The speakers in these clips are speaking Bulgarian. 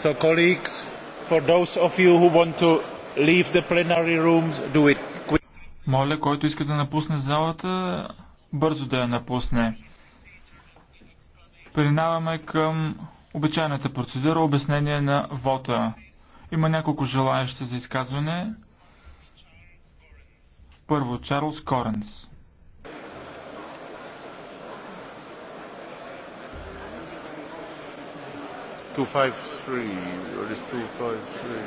So, colleagues, for those of you who want to leave the plenary do it quick. Моля, който иска да напусне залата, бързо да я напусне. Преминаваме към обичайната процедура обяснение на вота. Има няколко желаящи за изказване. Първо, Чарлз Коренс. 253. What is 253?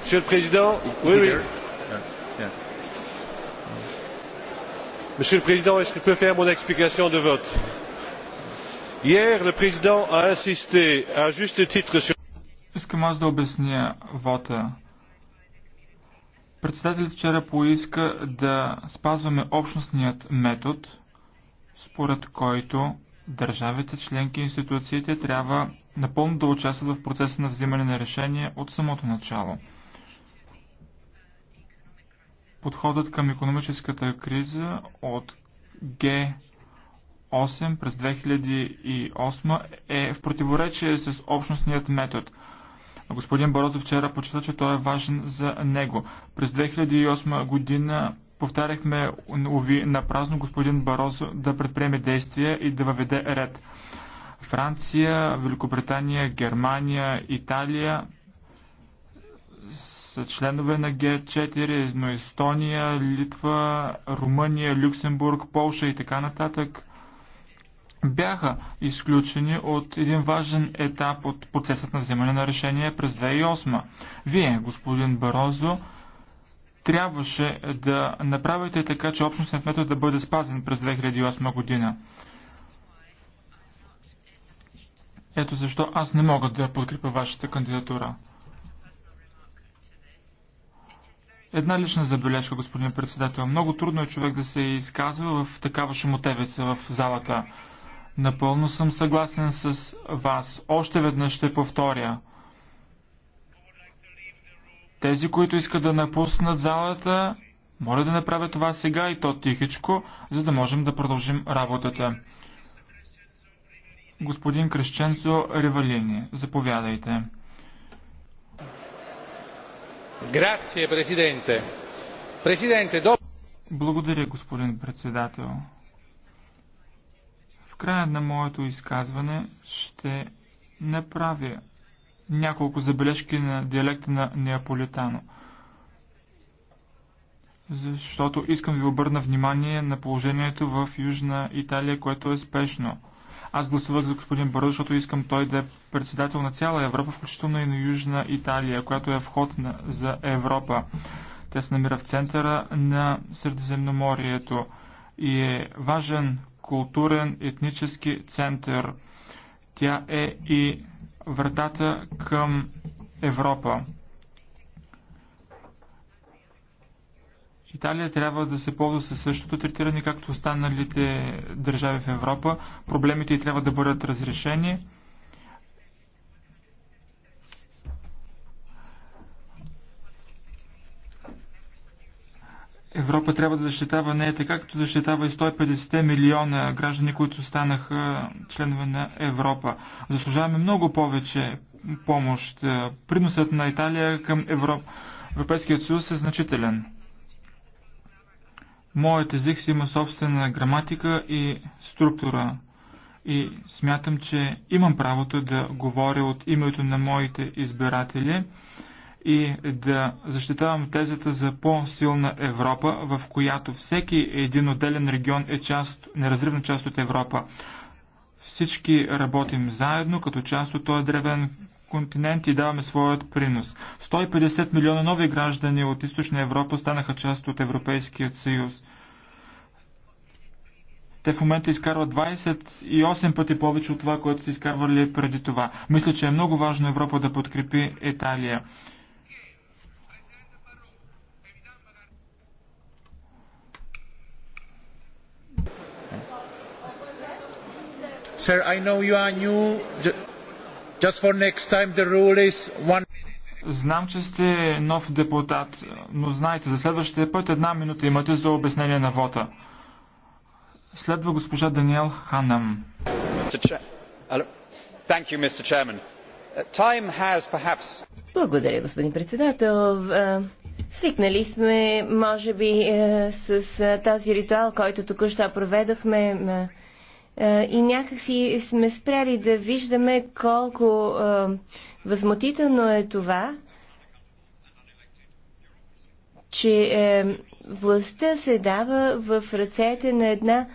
Monsieur le Président, oui, oui. Monsieur le Président, est-ce que je peux faire mon explication de vote Hier, le Président a insisté à juste titre sur. Искам аз да обясня вота. Председателят вчера поиска да спазваме общностният метод, според който Държавите, членки и институциите трябва напълно да участват в процеса на взимане на решения от самото начало. Подходът към економическата криза от Г8 през 2008 е в противоречие с общностният метод – Господин Борозов вчера почита, че той е важен за него. През 2008 година повтаряхме, уви, на празно господин Барозо да предприеме действия и да въведе ред. Франция, Великобритания, Германия, Италия са членове на Г4, но Естония, Литва, Румъния, Люксембург, Полша и така нататък бяха изключени от един важен етап от процесът на вземане на решение през 2008. Вие, господин Барозо, трябваше да направите така, че общностният метод да бъде спазен през 2008 година. Ето защо аз не мога да подкрепя вашата кандидатура. Една лична забележка, господин председател. Много трудно е човек да се изказва в такава шумотевица в залата. Напълно съм съгласен с вас. Още веднъж ще повторя. Тези, които искат да напуснат залата, моля да направят това сега и то тихичко, за да можем да продължим работата. Господин Крещенцо Ревалини, заповядайте. Грация, президенте. Президенте, до... Благодаря, господин председател. В края на моето изказване ще направя няколко забележки на диалекта на неаполитано. Защото искам да ви обърна внимание на положението в Южна Италия, което е спешно. Аз гласувах за господин Баро, защото искам той да е председател на цяла Европа, включително и на Южна Италия, която е вход на, за Европа. Тя се намира в центъра на Средиземноморието и е важен културен, етнически център. Тя е и вратата към Европа. Италия трябва да се ползва със същото третиране, както останалите държави в Европа. Проблемите й трябва да бъдат разрешени. Европа трябва да защитава нея е така, като защитава и 150 милиона граждани, които станаха членове на Европа. Заслужаваме много повече помощ. Приносът на Италия към Европ... Европейският съюз е значителен. Моят език си има собствена граматика и структура. И смятам, че имам правото да говоря от името на моите избиратели и да защитавам тезата за по-силна Европа, в която всеки един отделен регион е част, неразривна част от Европа. Всички работим заедно като част от този древен континент и даваме своят принос. 150 милиона нови граждани от Източна Европа станаха част от Европейският съюз. Те в момента изкарват 28 пъти повече от това, което са изкарвали преди това. Мисля, че е много важно Европа да подкрепи Италия. Sir, I know you are new. Just for next time the rule is one... Знам, че сте нов депутат, но знаете, за следващия път една минута имате за обяснение на вота. Следва госпожа Даниел Ханам. Uh, Благодаря, господин председател. Свикнали сме, може би, е, с този ритуал, който току-що проведохме е, и някакси сме спряли да виждаме колко е, възмутително е това, че е, властта се дава в ръцете на една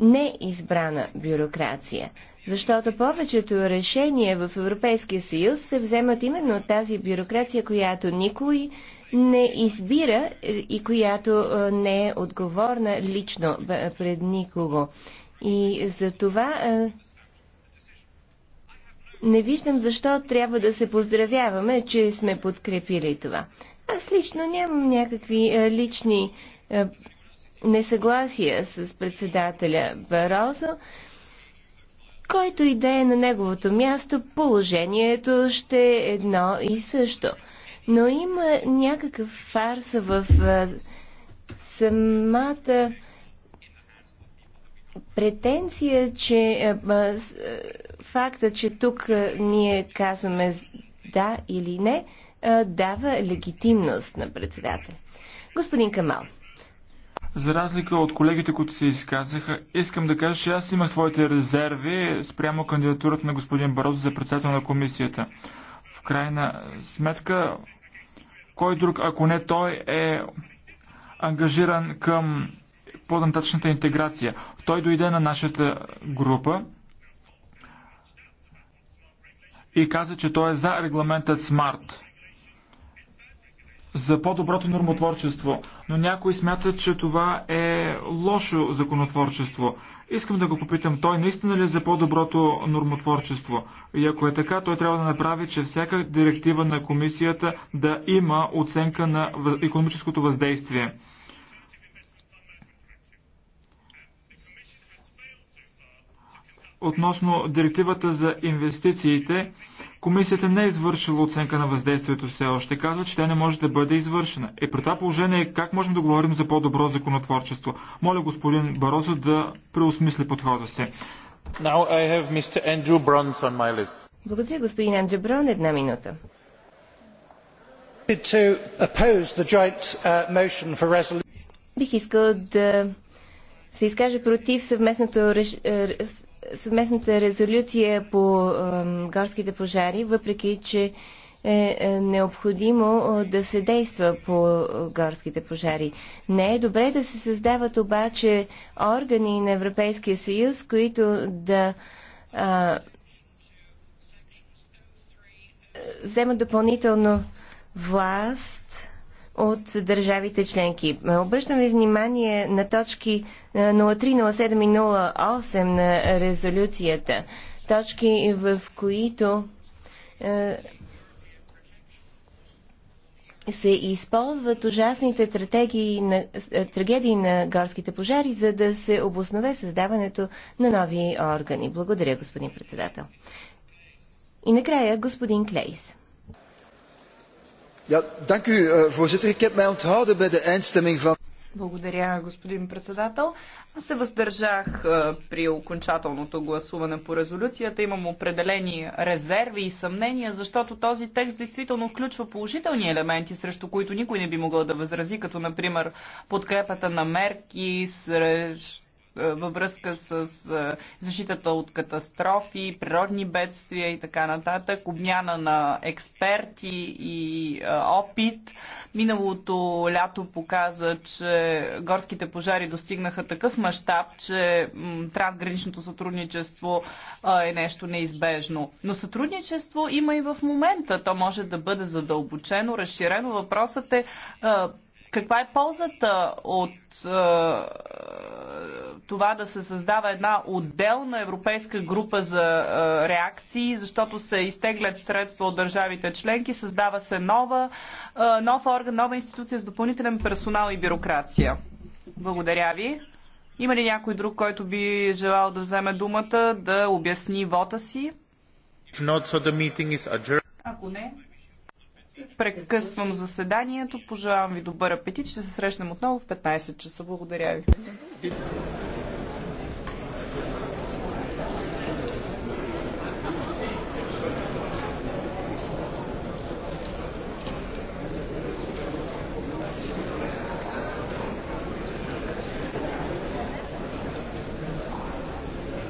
неизбрана бюрокрация. Защото повечето решения в Европейския съюз се вземат именно от тази бюрокрация, която никой не избира е, и която е, не е отговорна лично пред никого. И за това е, не виждам защо трябва да се поздравяваме, че сме подкрепили това. Аз лично нямам някакви лични несъгласия с председателя Барозо който и да е на неговото място, положението ще е едно и също. Но има някакъв фарс в самата претенция, че факта, че тук ние казваме да или не, дава легитимност на председателя. Господин Камал. За разлика от колегите, които се изказаха, искам да кажа, че аз имах своите резерви спрямо кандидатурата на господин Барозо за председател на комисията. В крайна сметка, кой друг, ако не той, е ангажиран към по-нататъчната интеграция. Той дойде на нашата група и каза, че той е за регламентът СМАРТ за по-доброто нормотворчество, но някои смятат, че това е лошо законотворчество. Искам да го попитам, той наистина ли е за по-доброто нормотворчество? И ако е така, той трябва да направи, че всяка директива на комисията да има оценка на економическото въздействие. Относно директивата за инвестициите, Комисията не е извършила оценка на въздействието все още. Казва, че тя не може да бъде извършена. Е при това положение как можем да говорим за по-добро законотворчество? Моля господин Барозо да преосмисли подхода си. Now I have Mr. Andrew Bruns on my list. Благодаря, господин Андрю Брон. Една минута. Uh, Бих искал да се изкажа против съвместното реш... Е, съвместната резолюция по горските пожари, въпреки че е, е необходимо да се действа по горските пожари. Не е добре да се създават обаче органи на Европейския съюз, които да а, вземат допълнително власт от държавите членки. Обръщам ви внимание на точки 03, е, 07 и 08 на резолюцията. Точки, в които е, се използват ужасните на, е, трагедии на горските пожари, за да се обоснове създаването на нови органи. Благодаря, господин председател. И накрая господин Клейс. Eh, voorzitter. Ik heb mij onthouden bij de eindstemming van... Благодаря, господин председател. Аз се въздържах е, при окончателното гласуване по резолюцията. Имам определени резерви и съмнения, защото този текст действително включва положителни елементи, срещу които никой не би могъл да възрази, като например подкрепата на мерки срещу е, във връзка с е, защитата от катастрофи, природни бедствия и така нататък, обмяна на експерти и е, опит. Миналото лято показа, че горските пожари достигнаха такъв мащаб, че трансграничното сътрудничество е нещо неизбежно. Но сътрудничество има и в момента. То може да бъде задълбочено, разширено. Въпросът е каква е ползата от това да се създава една отделна европейска група за а, е, реакции, защото се изтеглят средства от държавите членки, създава се нова, а, е, нов орган, нова институция с допълнителен персонал и бюрокрация. Благодаря ви. Има ли някой друг, който би желал да вземе думата, да обясни вота си? Ако не, прекъсвам заседанието. Пожелавам ви добър апетит. Ще се срещнем отново в 15 часа. Благодаря ви.